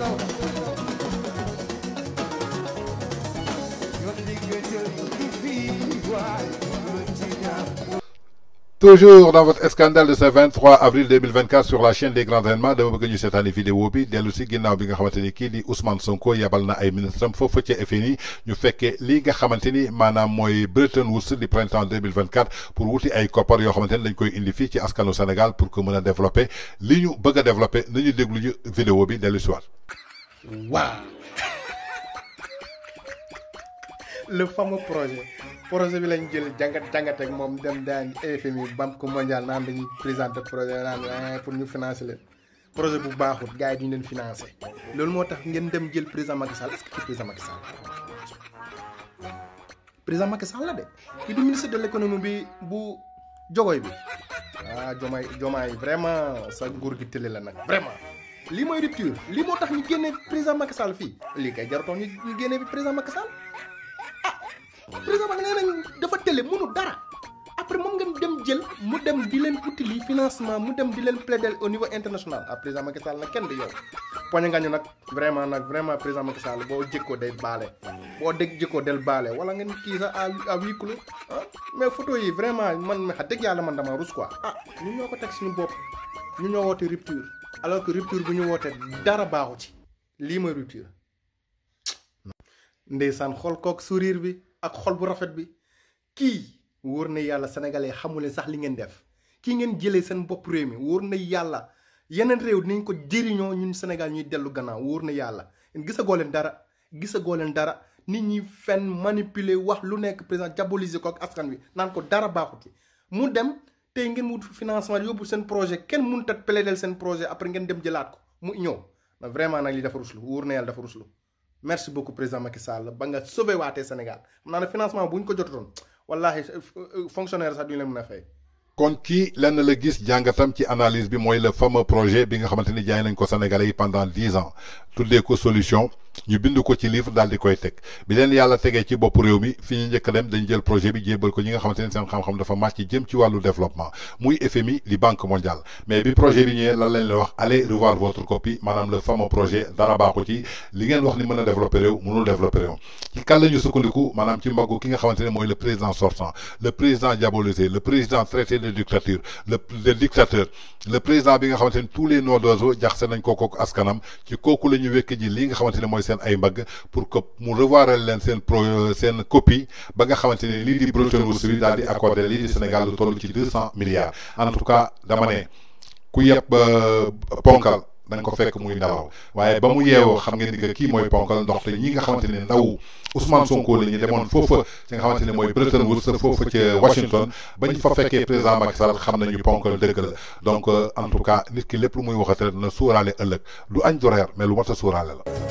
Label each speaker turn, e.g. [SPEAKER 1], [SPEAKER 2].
[SPEAKER 1] Eu digo
[SPEAKER 2] que eu te vi igual Toujours dans votre scandale de ce 23 avril 2024 sur la chaîne des grands événements dama bëgg cette année vidéo bi dellu si ginnaaw bi nga xamante qui kii Ousmane Sonko yebal na ay ministres am foofu ca FMI ñu fekkee li nga xamante ni maanaam mooy Bretton di printemps 2024 pour wuti ay koppar yoo xamante ni dañ koy indi fii ci askanu Sénégal pour que nous a développer li ñu bëgg développer nañu déglu ñu vidéo bi dellu si soir.
[SPEAKER 1] le fameux projet projet bi lañ jël jangat jangat ak mom dem daan bam ko mondial nan dañuy présenter projet nan eh, pour ñu financer le projet bu baaxut gaay di duñ leen financer lool motax ngeen dem jël président Macky Sall est-ce que président Macky Sall président Macky Sall la dé ki du ministre de l'économie bi bu jogoy bi ah jomay jomay vraiment sa ngour gi télé la nak vraiment li moy rupture li motax ñu génnee président Macky Sall fi li kay jarto ñu génnee bi président Macky Sall président Macky nee nañ dafa télé mënu dara après moom ngeen dem jël mu dem di leen utili financement mu dem di leen plaider au niveau international ah président Macky Sall nag kenn di yow. poñi nga ñu nag vraiment nag vraiment président Macky Sall boo jëkkoo day baale boo dégg jëkkoo del baale wala ngeen kii sax a à huis ah. mais photo yi vraiment man ma dëgg yàlla man dama rus quoi. ah ñu ñoo ko teg suñu bopp ñu ñoo woote rupture alors bu ñu wootee dara baaxu ci lii mooy xool kook sourire bi. ak xol bu rafet bi kii wóor na yàlla sénégalais xamuleen sax li ngeen def kii ngeen jëlee seen bopp réew mi wóor na yàlla yeneen réew ñu ko jëriñoo ñun Sénégal ñuy dellu gannaaw wóor na yàlla gisagoo leen dara gisagoo leen dara nit ñi fenn manipuler wax lu nekk président diaboliser ko ak askan wi naan ko dara baaxut ci mu dem tey ngeen wut financement yóbbu seen projet kenn mënut a plaider seen projet après ngeen dem jëlaat ko mu ñëw vraiment nag li dafa ruslu wóor na yàlla dafa ruslu merci beaucoup président Macky Sall ba nga sauvé waté Sénégal xam naa financement buñ ko jotoon wallahi euh, euh, fonctionnaire sax du ñu leen fay.
[SPEAKER 2] kon ki la gis jangatam ci analyse bi moy le fameux projet bi nga xamanteni ni jaay nañ ko Sénégalais pendant dix ans Tout les solutions ñu bindu ko ci livre dal di koy tek bi len yalla tege ci bop réew mi fi ñu njëkk dem dañ jël projet bi jébal ko ñi nga xamante seen xam-xam dafa màcc jëm ci walu développement muy FMI li banque mondiale mais bi projet bi ñëwee lan lañ la wax allez revoir votre copie madame le fameux projet dara baaxu ci li ngeen wax ni mëna développer rew mënul développer réew ci kan lañu ñu sukkandiku maanaam ci mbaggu ki nga xamante moy le président sortant le président diabolisé le président traité de dictature le dictateur le président bi nga xamante tous les noms d'oiseaux jaxase nañ ko kook askanam ci koku lañu ñu ji li nga xamante moy sen ay mbag pour que mu revoiral len sen sen copie ba nga xamante li di Bretton Woods bi daal di accorder li di Sénégal lu toll ci 200 milliards en tout cas dama né ku yeb euh, ponkal da nga ko fekk muy nelaw waye ba mu yeewoo xam ngeen ni que kii mooy ponkal ndox te ñi nga xamante ne ndaw Ousmane Sonko la ñu demoon foofa ci nga xamante ne mooy Bretton Woods foofa ca Washington bañ fa fekkee président Macky Sall xam nañu ponkal dëgg la donc euh, en tout cas nit ki lépp lu muy waxate na suuraale ëllëg du añ du reer mais lu mat a suuraale la